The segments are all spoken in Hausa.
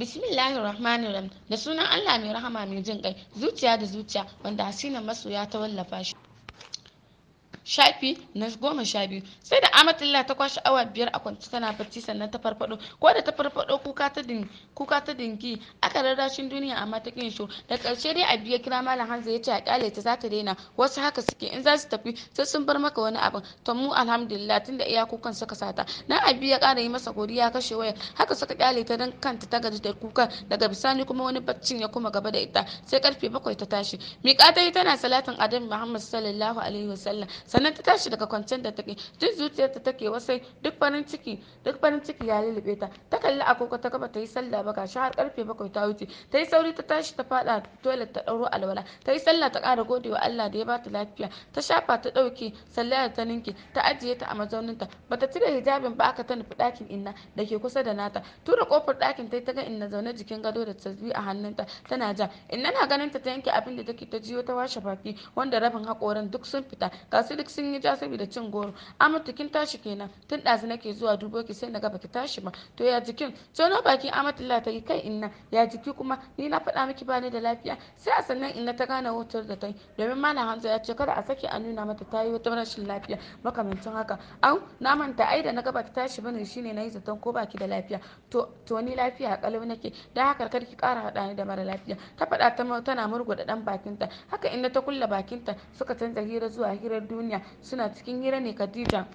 bismillahir rahmanir rahim da sunan allah mai rahama mai jin kai zuciya da zuciya wanda hasina masoya ta wallafa shi shafi na goma sha biyu sai da amatullah ta kwashe awa biyar a kwance tana bacci sannan ta farfado ko da ta farfado kuka ta din dinki aka rarrashin duniya amma ta kin shiru da karshe dai a ya kira malam hanzu ya ce a kyale ta za ta daina wasu haka suke in za su tafi sai sun bar maka wani abin to mu alhamdulillah tunda kukan suka sata nan biyu ya kara yi masa godiya kashe waya. haka suka kyale ta dan kanta ta gaji da kuka daga bisani kuma wani baccin ya kuma gaba da ita sai karfe bakwai ta tashi miƙa ta yi tana salatin adam muhammad sallallahu alaihi wasallam sannan ta tashi daga kwancen da take jin ta take wasai duk farin ciki duk farin ciki ya lulube ta ta kalli agogo ta gaba ta yi sallah ba gashi har karfe bakwai ta wuce ta yi sauri ta tashi ta fada toilet ta dauro alwala ta yi sallah ta kara gode wa Allah da ya bata lafiya ta shafa ta ɗauke sallah ta ninki ta ajiye ta a mazauninta bata cire hijabin ba aka ta nufi dakin inna da ke kusa da nata tura kofar ɗakin ta ta ga inna zaune jikin gado da tasbi a hannunta tana ja inna na ganin ta ta yanke abin da take ta jiyo ta washe baki wanda rabin hakoran duk sun fita ga su duk sun yi ja saboda cin goro amurta kin tashi kenan tun ɗazu nake zuwa duboki sai na gaba baki tashi ba to ya jikin tono baki amatullah ta yi kai inna ya jiki kuma ni na faɗa miki ba ni da lafiya sai a sannan inna ta gane wutar da ta yi domin mana hamza ya ce kada a saki a nuna mata ta yi wata rashin lafiya makamancin haka au na manta ai da na gaba ki tashi bane shine na yi zaton ko baki da lafiya to to ni lafiya kalau nake Da haka kar ki kara haɗa ni da mara lafiya ta faɗa tana da dan bakinta haka inna ta kulla bakinta suka canza hira zuwa hirar duniya hanya suna cikin hira ne Khadija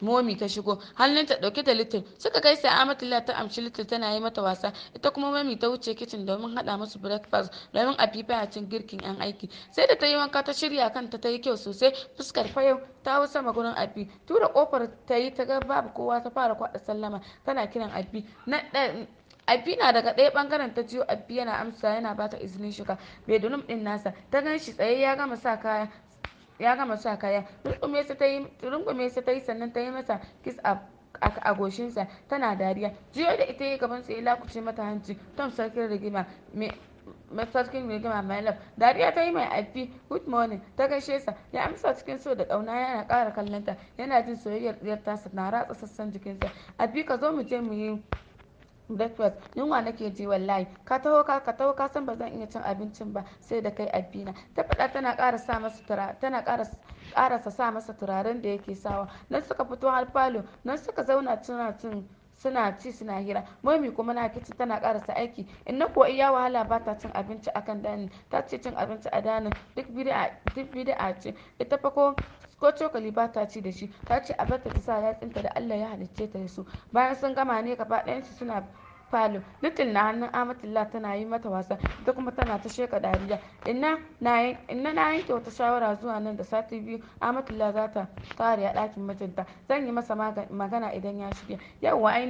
momi ta shigo hannunta dauke da litin suka kai sai amatullah ta amshi litin tana yi mata wasa ita kuma mami ta wuce kicin domin hada musu breakfast domin a fifa cin girkin yan aiki sai da ta yi wanka ta shirya kanta ta yi kyau sosai fuskar fayau ta hau sama gurin abi tura kofar ta yi ta ga babu kowa ta fara kwada sallama tana kiran abi na Abi na daga ɗaya bangaren ta jiyo Abi yana amsa yana bata izinin shiga bedroom din nasa ta gan shi tsaye ya gama sa kaya ya gama sa kaya rungume sa ta yi sannan ta yi masa kiss up a goshinsa tana dariya jiyo da ita yi gaban ya lakuce mata hanci tom sarkin rigima masarkin rigima my love dariya ta yi mai aifi good morning ta gaishe sa ya amsa cikin so da ƙauna yana ƙara kallonta yana jin soyayyar ɗiyar tasa na ratsa sassan jikinsa aifi ka zo mu je mu yi breakfast yunwa nake ji wallahi ka taho ka ka taho ka san ba zan iya cin abincin ba sai da kai abina ta faɗa tana ƙara sa masa tura tana ƙara sa masa turaren da yake sawa nan suka fito har falo nan suka zauna suna cin suna ci suna hira mami kuma na kici tana karasa aiki in na kuwa iya wahala ba ta cin abinci akan dani ta ce cin abinci a danin duk bid'a duk ce ita fa ko ko cokali ba ta ci da shi ta ce a barta ta sa yatsinta da Allah ya halicce ta da su bayan sun gama ne gaba ɗayan su suna falo little na hannun amatullah tana yi mata wasa ita kuma tana ta sheka dariya inna na yanke wata shawara zuwa nan da sati biyu amatullah za ta tare a ɗakin mijinta zan yi masa magana idan ya shirya yauwa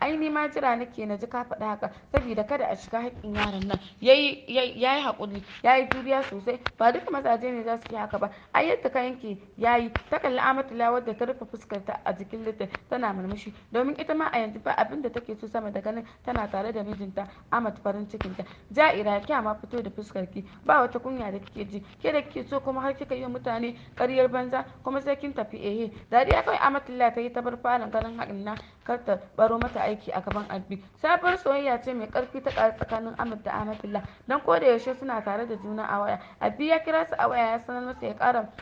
ai ni ma jira nake na ji ka faɗi haka saboda kada a shiga haƙƙin yaron nan yayi yayi haƙuri yayi juriya sosai ba duka mazaje ne za su yi haka ba ai yadda ka yanke yayi ta kalli la wadda ta rufe fuskar ta a jikin litta tana murmushi domin ita ma a yanzu ba abin da take so sama da ganin tana tare da mijinta amat farin cikinta ja'ira kya ma fito da fuskarki ba wata kunya da kike ji ke da kike so kuma har kika yi mutane ƙaryar banza kuma sai kin tafi ehe dariya kawai amatula ta yi ta bar falon ganin haɗin na kar ta baro mata aiki a gaban Albi. Sabuwar soyayya ce mai ƙarfi ta ƙaru tsakanin Ahmad da Amatulla don ko da yaushe suna tare da juna a waya. Albi ya kira su a waya ya sanar masa ya ƙara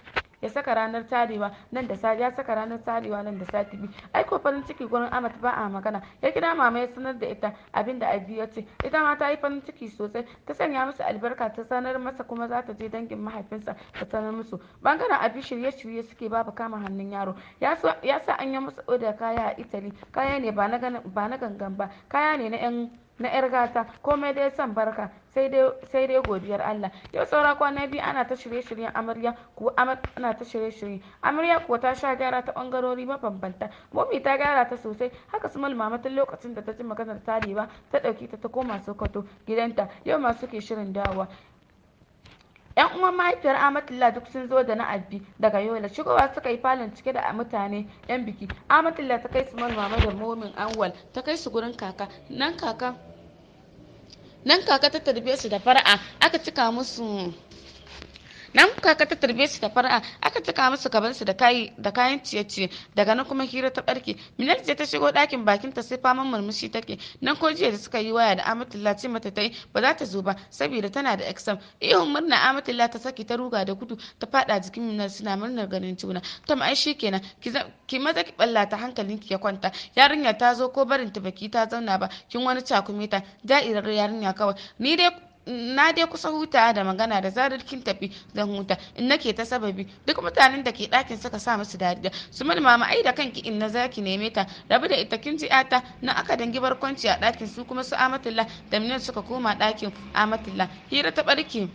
ya saka ranar tarewa nan da sati ya saka ranar tarewa nan da sati biyu ko farin ciki gurin amat ba a magana ya kira mama ya sanar da ita abin da abi ya ce ita ma ta yi farin ciki sosai ta sanya musu albarka ta sanar masa kuma za ta je dangin mahaifinsa ta sanar musu bangaren abi shirye-shirye suke babu kama hannun yaro ya sa an yi musu oda kaya a italy kaya ne ba na gangan ba kaya ne na 'yan na yar gata komai dai son barka sai dai godiyar Allah yau saura kwana biyu ana ta shirye-shiryen amarya ko ana ta shirye-shirye amarya kuwa ta sha gyara ta bangarori mabambanta momi ta gyara ta sosai haka su malmama tun lokacin da ta ji maganar tarewa ta dauki ta ta koma sokoto gidanta yau ma suke shirin dawowa yan uwan mahaifiyar amatullah duk sun zo da na abbi daga yola shigowa suka yi falon cike da mutane yan biki amatullah ta kai su mama da momin anwal ta kai su gurin kaka nan kaka nan kaka ta tarbe su da fara'a aka cika musu nan kaka ta tarbe su da fara'a aka cika musu kaban su da kayan ciye-ciye daga nan kuma hira ta barke minal ta shigo ɗakin bakin ta sai faman murmushi take nan ko jiya da suka yi waya da amatullah ce mata ta yi ba za ta zo ba saboda tana da exam ihun murna amatullah ta saki ta ruga da gudu ta fada jikin minal suna murnar ganin juna tom shi kenan ki maza ki balla ta hankalin ki ya kwanta yarinya ta zo ko barinta baki ta zauna ba kin wani cakume ta da'irar yarinya kawai ni dai na dai kusa hutawa da magana da zarar kin tafi zan huta in nake ta sababi duk mutanen da ke ɗakin suka sa musu dariya su mama ai da kanki in na zaki neme ta rabu da ita kin ji ata na aka dangi barkwanci a ɗakin su kuma su amatullah da minan suka koma ɗakin amatullah hira ta ɓarke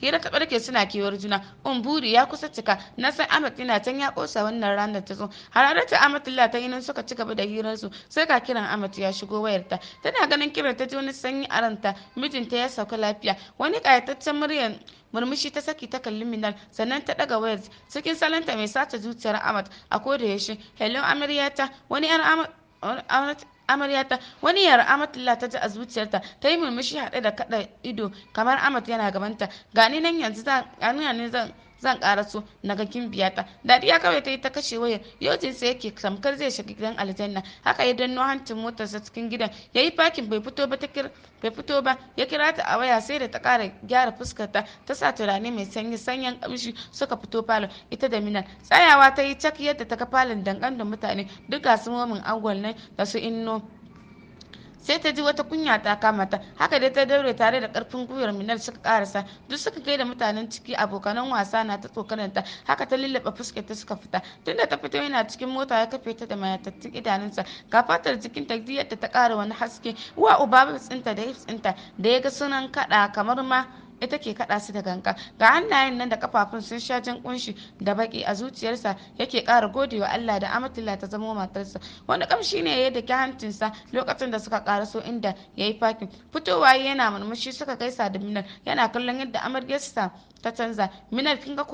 hira ta barke suna kewar juna umburi ya kusa cika na san amat yana can ya kosa wannan ranar ta zo hararta amatilla ta yi nan suka ci gaba da hirar su sai ga kiran amat ya shigo wayarta tana ganin kiran ta ji wani sanyi a ranta mijinta ya sauka lafiya wani kayataccen muryar murmushi ta saki ta kalli minal sannan ta daga wayar cikin salanta mai sace zuciyar amat a koda yaushe hello amaryata wani yan amat amaryata wani yar amatullah ta ji a zuciyarta ta yi murmushi haɗe da kaɗa ido kamar amat yana gabanta gani nan yanzu zan zan karaso na ga gimbiyata dariya kawai ta yi ta kashe wayar yojin sa yake tamkar zai shiga gidan aljanna haka ya danno hancin motarsa cikin gidan ya yi fakin bai fito ba ta bai fito ba ya kira ta a waya sai da ta kara gyara fuskarta ta sa turare mai sanyi sanyan kamshi suka fito falon ita da minan tsayawa ta yi cak yadda ta ga falon dangan da mutane duk momin angon nan da su inno sai ta ji wata kunya ta kama ta haka dai ta daure tare da karfin gwiwar minnal suka karasa duk suka kai da mutanen ciki abokanan wasa na ta tsokananta haka ta lillaba fuskar ta suka fita tunda ta fito yana cikin mota ya kafe ta da mayatattun idanunsa ga fatar jikin ta yadda ta kara wani haske uwa uba tsinta da tsinta da ya ga sunan kada kamar ma ita ke kaɗa su da ganga ga hannayen nan da kafafun sun sha jin kunshi da baki a zuciyarsa yake ƙara godewa Allah da Amatilla ta zamo matarsa wani kamshi ne ya daki hancinsa lokacin da suka so inda yayi fakin fitowa yana murmushi suka gaisa da minar yana kallon yadda amaryarsa ta canza minar kin ga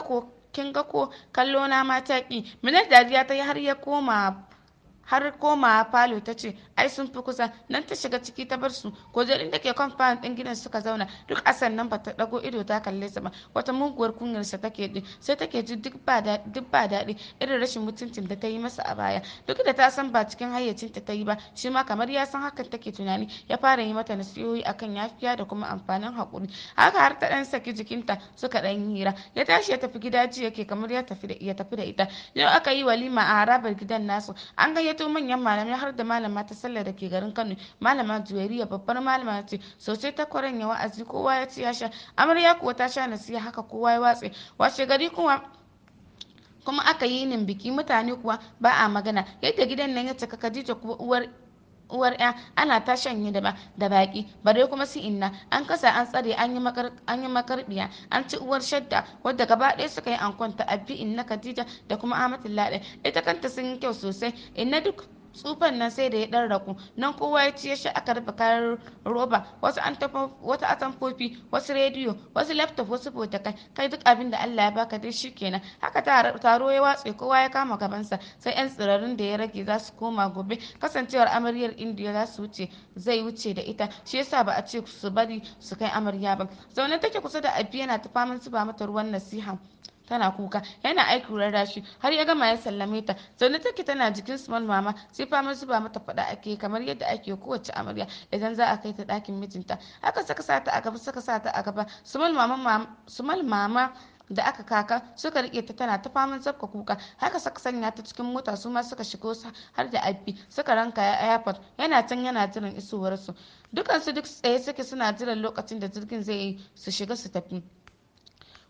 ko kin ko kallo na mataki ki minar dariya ta har ya koma har komawa falo ta ce ai sun fi kusa nan ta shiga ciki ta bar su kujerun da ke kwamfan din gidan suka zauna duk asan nan bata dago ido ta kalle sa ba wata muguwar kunyarsa take din sai take ji duk ba daɗi irin rashin mutuncin da ta yi masa a baya duk da ta san ba cikin hayyacin ta yi ba shi ma kamar ya san hakan take tunani ya fara yi mata nasihohi akan yafiya da kuma amfanin haƙuri haka har ta ɗan saki jikinta suka dan hira ya tashi ya tafi gida ji yake kamar ya tafi da ita yau aka yi walima a harabar gidan nasu an gayyato gayyato manyan malamai har da malama ta sallah da ke garin Kano malama Juwairiya babbar malama ce sosai ta kwaranya wa'azi kowa ya ci ya sha amarya kuwa ta sha siya haka kowa ya watse washe gari kuma kuma aka yi nin biki mutane kuwa ba a magana yadda gidan nan ya cika kadija kuwa uwar uwar ya ana ta shanye da baki bare kuma su inna an kasa an tsare an yi makarbiya an ci uwar shadda wadda gaba ɗaya suka yi ankon ta abbi inna khadija da kuma ahmad ita kanta sun yi kyau sosai inna duk tsufan nan sai da ya dan raku nan kowa ya ci shi aka rufe kayan roba wasu wata atamfofi wasu rediyo wasu laptop wasu fotakai kai duk abin da Allah ya baka dai kenan haka taro ya watse kowa ya kama gabansa sai yan tsirarin da ya rage za su koma gobe kasancewar amaryar indiya za su wuce zai wuce da ita shi yasa ba a ce su bari su kai amarya ba zaune take kusa da abiya na ta faman zuba mata ruwan nasiha tana kuka yana aiki rashi har ya gama ya sallame ta zaune take tana jikin small mama sai fama zuba mata faɗa ake kamar yadda ake kowace amarya idan za a kai ta dakin mijinta aka saka sata a gaba saka sata a gaba small mama da aka kaka suka rike ta tana ta faman zafka kuka haka suka sanya ta cikin mota su ma suka shigo har da abbi suka ranka ya airport yana can yana jiran isowar su dukansu duk tsaye suke suna jiran lokacin da jirgin zai yi su shiga su tafi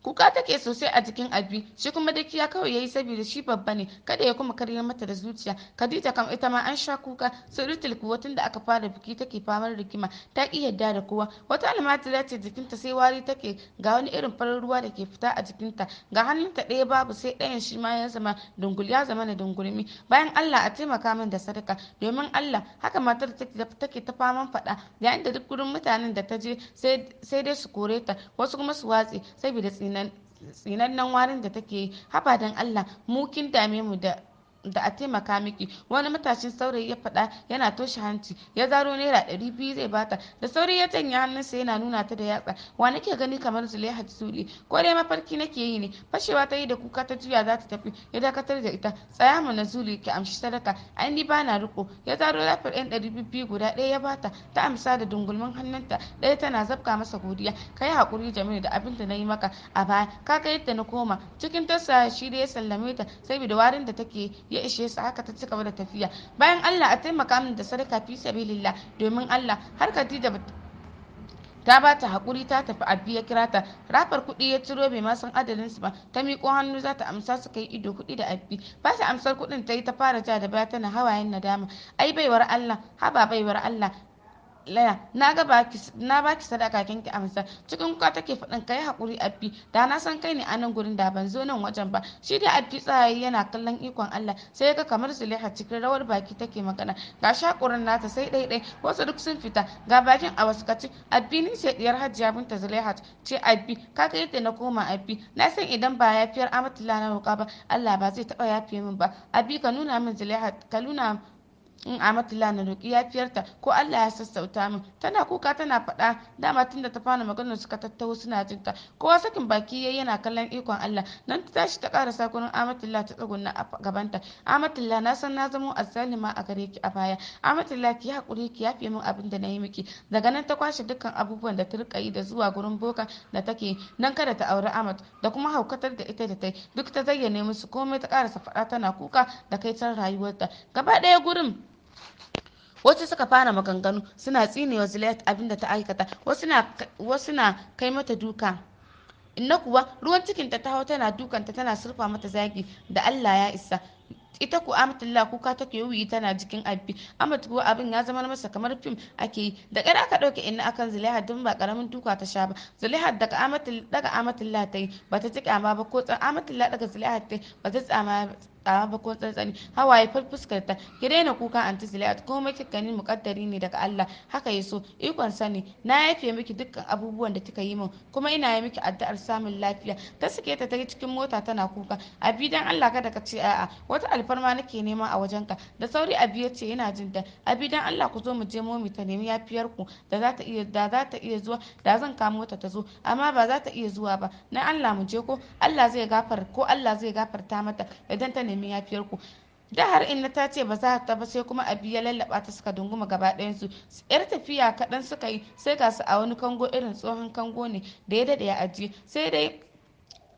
kuka take sosai a jikin abi shi kuma dakiya kawai yayi saboda shi babba ne kada ya kuma karya mata da zuciya khadija kam ita ma an sha kuka surutul kuwa tunda aka fara biki take famar rigima ta ki yadda da kowa wata almajira ce jikinta sai wari take ga wani irin farin ruwa da ke fita a jikinta ga hannunta ɗaya babu sai ɗayan shi ma ya zama dungul ya zama na dungulmi bayan Allah a taimaka min da sadaka domin Allah haka matar take ta faman faɗa yayin da duk gurin mutanen da ta je sai dai su kore ta wasu kuma su watse saboda tsina tsinannen warin da take haba don allah mu kin dame mu da da a taimaka miki wani matashin saurayi ya faɗa yana toshe hanci ya zaro naira ɗari biyu zai bata da sauri ya janye hannunsa yana nuna ta da yatsa wa nake gani kamar Zulaihat tsuri ko dai mafarki nake yi ne fashewa ta yi da kuka ta juya za ta tafi ya dakatar da ita tsaya mu na zuli ki amshi sadaka an ni ba na riko ya zaro lafiyar yan ɗari biyu guda ɗaya ya bata ta amsa da dungulmin hannunta ɗaya tana zabka masa godiya Ka yi hakuri jamilu da abin da na yi maka a baya ka ga yadda na koma cikin tasa shi da ya sallame ta saboda warin da take ya ishe su haka ta ci da tafiya bayan allah a taimaka min da sadaka fi sabilillah domin allah har khadija ta ba ta hakuri ta tafi abbi ya kira ta rafar kuɗi ya ciro bai ma san adadin su ba ta miƙo hannu za ta amsa su kai ido kuɗi da abbi ba ta amsar kuɗin ta yi ta fara ja da baya tana hawayen nadama ai baiwar Allah haba baiwar Allah laya na ga baki na baki sadaka kinki amsa cikin kwa take faɗin kai hakuri abbi da na san kai ne a nan gurin da ban zo nan wajen ba shi da abbi tsaye yana kallon ikon Allah sai ga kamar Zulaiha cikin rawar baki take magana ga shakurin nata sai dai dai wasu duk sun fita ga bakin a wasu kaci abbi ni sai diyar Hajiya binta Zulaiha ce abbi ka kai yadda na koma abbi na san idan ba yafiyar Amatullahi na roƙa ba Allah ba zai taɓa yafe min ba abbi ka nuna min Zulaiha ka nuna in a matila na ya yafiyarta ko Allah ya sassauta min tana kuka tana faɗa dama tun da ta fara maganar suka tattaho suna jinta kowa sakin baki yayi yana kallon ikon Allah nan ta tashi ta sa gurin Amatilla ta tsugunna a gabanta Amatilla na san na zamo azzalima a gare ki a baya Amatilla ki hakuri ki yafe min abin da na yi miki daga nan ta kwashe dukkan abubuwan da ta rika yi da zuwa gurin boka da take nan kada ta auri Amat da kuma haukatar da ita da yi duk ta zayyane musu komai ta ƙarasa faɗa tana kuka da kaitar rayuwarta gaba ɗaya gurin wasu suka fara maganganu suna tsine tsinewa zilayat abinda ta aikata wasu na kai mata duka inna kuwa ruwan cikinta ta hau tana dukanta tana surfa mata zagi da allah ya isa ita ku amatullah kuka take yoyi tana jikin abbi amat ko abin ya zama masa kamar fim ake yi da ƙyar aka ɗauke inna akan zulaiha don ba ƙaramin duka ta sha ba zulaiha daga amatullah ta yi ba ta ji ma ba ko tsan amatullah daga zulaiha ta yi ba ta tsama ba ko tsantsani hawaye fuskar ta ki daina kuka anti zilayat Kuma kika gani mukaddari ne daga Allah haka ya so ikon sani na yafe miki dukkan abubuwan da kika yi min kuma ina yi miki addu'ar samun lafiya ta sike ta ta cikin mota tana kuka abi dan Allah kada ka ce a'a wata wata alfarma nake nema a wajen ka da sauri abi ya ce yana jin da abi dan Allah ku zo mu je momi ta nemi yafiyar ku da za ta iya da za ta iya zuwa da zan kamo ta ta zo amma ba za ta iya zuwa ba na Allah mu je ko Allah zai gafar ko Allah zai gafarta mata idan ta nemi yafiyar ku da har inna ta ce ba za ta ba sai kuma abi ya lallaba ta suka dunguma gaba su yar tafiya kaɗan suka yi sai ga su a wani kango irin tsohon kango ne da ya dade ya ajiye sai dai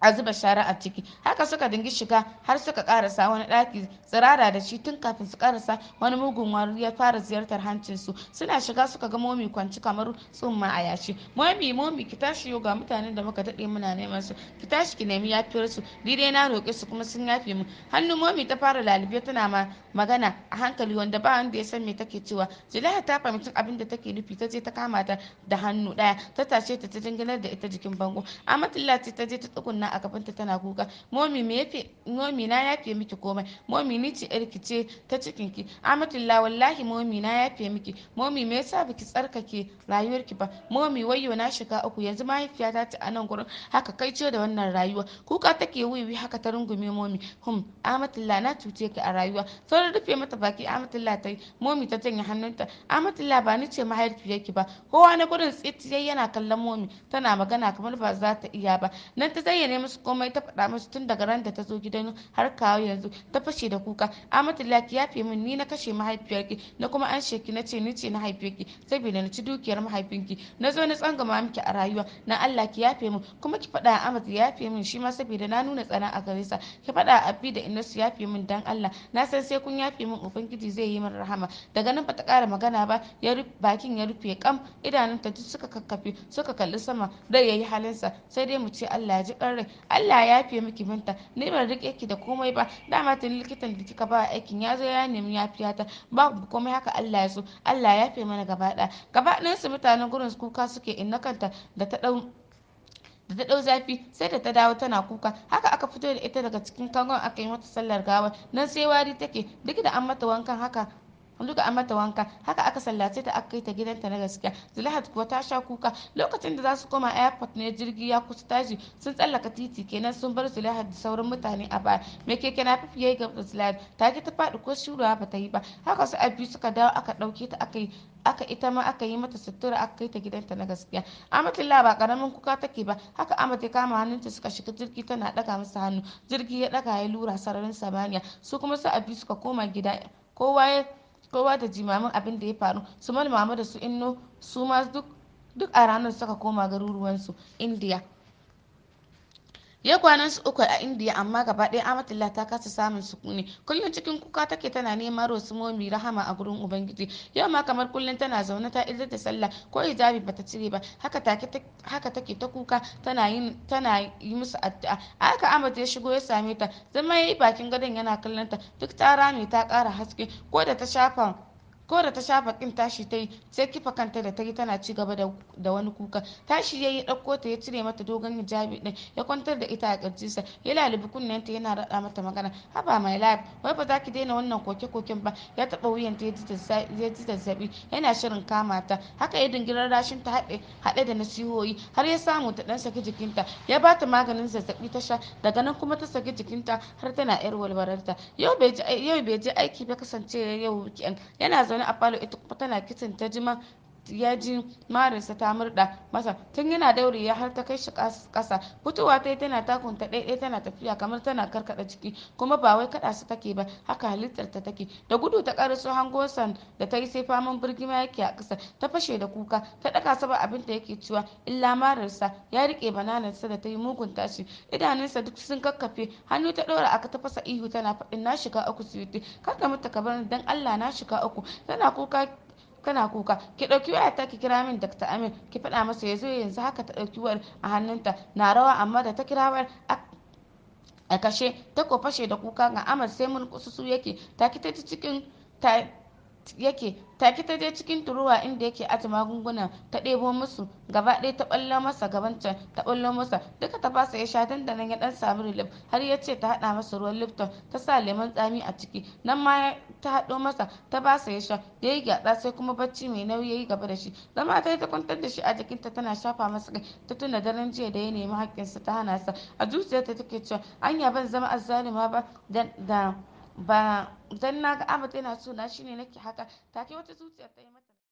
a zuba shara a ciki haka suka dingi shiga har suka karasa wani daki tsirara da shi tun kafin su karasa wani mugun wari ya fara ziyartar hancin su suna shiga suka ga momi kwanci kamar tsumma a yashi momi momi ki tashi yau ga mutanen da muka dade muna neman su ki tashi ki nemi yafiyar su ni dai na roƙe su kuma sun yafi mu hannu momi ta fara lalube tana ma magana a hankali wanda ba wanda ya san me take cewa jilaha ta fahimci abin da take nufi ta je ta kama ta da hannu daya ta tashe ta ta dinginar da ita jikin bango amatullah ta je ta tsugunna nan a gabanta tana kuka momi me momi na yafe miki komai momi ni ce yarki ce ta cikin ki amatullah wallahi momi na yafe miki momi me yasa biki tsarkake rayuwarki ba momi wayyo na shiga uku yanzu mahaifiyata ta a nan gurin haka kai ce da wannan rayuwa kuka take wiwi haka ta rungume momi hum amatullah na cuce ki a rayuwa sauran rufe mata baki amatullah ta yi momi ta janye hannunta amatullah ba ni ce mahaifiyarki ba kowa na gurin tsitiyai yana kallon momi tana magana kamar ba za ta iya ba nan ta zayyane ne musu komai ta faɗa musu tun daga ran da ta zo gidan har kawo yanzu ta fashe da kuka amatu laki ya fi min ni na kashe mahaifiyarki na kuma an sheki na ce ni ce na ki saboda na ci dukiyar mahaifinki na zo na tsangama miki a rayuwa na Allah ki yafe min kuma ki faɗa amatu ya fi min shi ma saboda na nuna tsana a gare sa ki faɗa abi da innasu ya fi min dan Allah na san sai kun yafe min ubangiji zai yi min rahama daga nan bata kara magana ba ya bakin ya rufe kam idanunta duk suka kakkafe suka kalli sama rai yayi sa sai dai mu ce Allah ya ji ƙarrai Allah ya fiye miki binta ni ban rike ki da komai ba dama tun likitan da kika ba aikin ya zo ya nemi yafiya ta ba komai haka Allah ya so Allah ya yafe mana gaba ɗaya gaba ɗayan su mutanen gurin kuka suke inna kanta da ta ɗau da ta dau zafi sai da ta dawo tana kuka haka aka fito da ita daga cikin kangon aka yi mata sallar gawa nan sai wari take duk da an mata wankan haka duka an mata wanka haka aka sallace ta aka kai ta gidanta na gaskiya zulahat kuwa ta sha kuka lokacin da za su koma airport ne jirgi ya kusa tashi sun tsallaka titi kenan sun bar zulahat da sauran mutane a baya me keke na fifi fiye ga zulahat ta ta faɗi ko shuruwa ba ta yi ba haka su abi suka dawo aka ɗauke ta aka yi aka ita ma aka yi mata sutura aka kai ta gidanta na gaskiya amatullah ba karamin kuka take ba haka Amadu ya kama hannunta suka shiga jirgi tana ɗaga masa hannu jirgi ya ɗaga ya lura sararin samaniya su kuma su abi suka koma gida kowa ya kowa da jimamin abin da ya faru su mama da su inno su ma duk duk a ranar suka koma garuruwansu indiya ya kwanan su uku a indiya amma gaba ɗaya amatullah ta kasa samun ne kullum cikin kuka take tana neman Momi rahama a gurin ubangiji yau ma kamar kullum tana zaune ta idar da sallah ko hijabi bata cire ba haka take ta kuka tana yi musu addu'a haka Amadu ya shigo ya same ta zama ya yi bakin gadon yana kallon ta duk ta rame ta ƙara haske ko da ta shafa ko da ta sha bakin tashi ta yi sai kifa kanta da ta yi tana ci gaba da wani kuka tashi ya yi ɗauko ta ya cire mata dogon hijabi ɗin ya kwantar da ita a ƙirjinsa ya lalubi kunnenta yana raɗa mata magana haba mai life wai ba za ki daina wannan koke-koken ba ya taɓa wuyanta ya ji zazzabi. yana shirin kama ta haka ya dingirar rashin ta haɗe da nasihohi har ya samu ta ɗan saki jikinta ya ba ta maganin zazzaɓi ta sha daga nan kuma ta saki jikinta har tana yar walwararta yau bai je aiki ba kasance yau yana zaune a falo ita kuma tana kicin ta ya ji marinsa ta murda masa tun yana daure ya har ta kai shi kasa fitowa ta yi tana takunta ɗaya tana tafiya kamar tana karkada ciki kuma ba wai kada su take ba haka halittar ta take da gudu ta karaso hangosan da ta yi sai faman birgima yake a kasa ta fashe da kuka ta daka saba abin da yake cewa illa mararsa ya rike bananarsa da ta yi mugun tashi idanunsa duk sun kakkafe hannu ta ɗora aka ta fasa ihu tana faɗin na shiga uku su kar ka mata ka bar dan Allah na shiga uku tana kuka kana kuka ki ɗauki wayar ta ki kira min Dr. Amin ki faɗa masa ya zo yanzu haka ta ɗauki wayar a hannunta na rawa amma da ta kira wayar a kashe ta ko fashe da kuka ga Ahmad sai mun kususu yake ta ki ta cikin ta yake take ta je cikin turuwa inda yake aje magunguna ta ɗebo musu gaba ɗaya ta ɓallo masa gaban can ta ɓallo masa duka ta fasa ya sha nan ya dan samu relief har ya ce ta haɗa masa ruwan lifton ta sa lemon tsami a ciki nan ma ta haɗo masa ta basa ya sha da ya gyatsa sai kuma bacci mai nauyi ya yi gaba da shi zama ta yi ta kwantar da shi a jikinta tana shafa masa kai ta tuna daren jiya da ya nemi haƙƙinsa ta hana sa a zuciyarta take cewa anya ban zama azzalima ba da ba dan naga Ahmad yana so na shine nake haka take wata zuciyar ta yi mata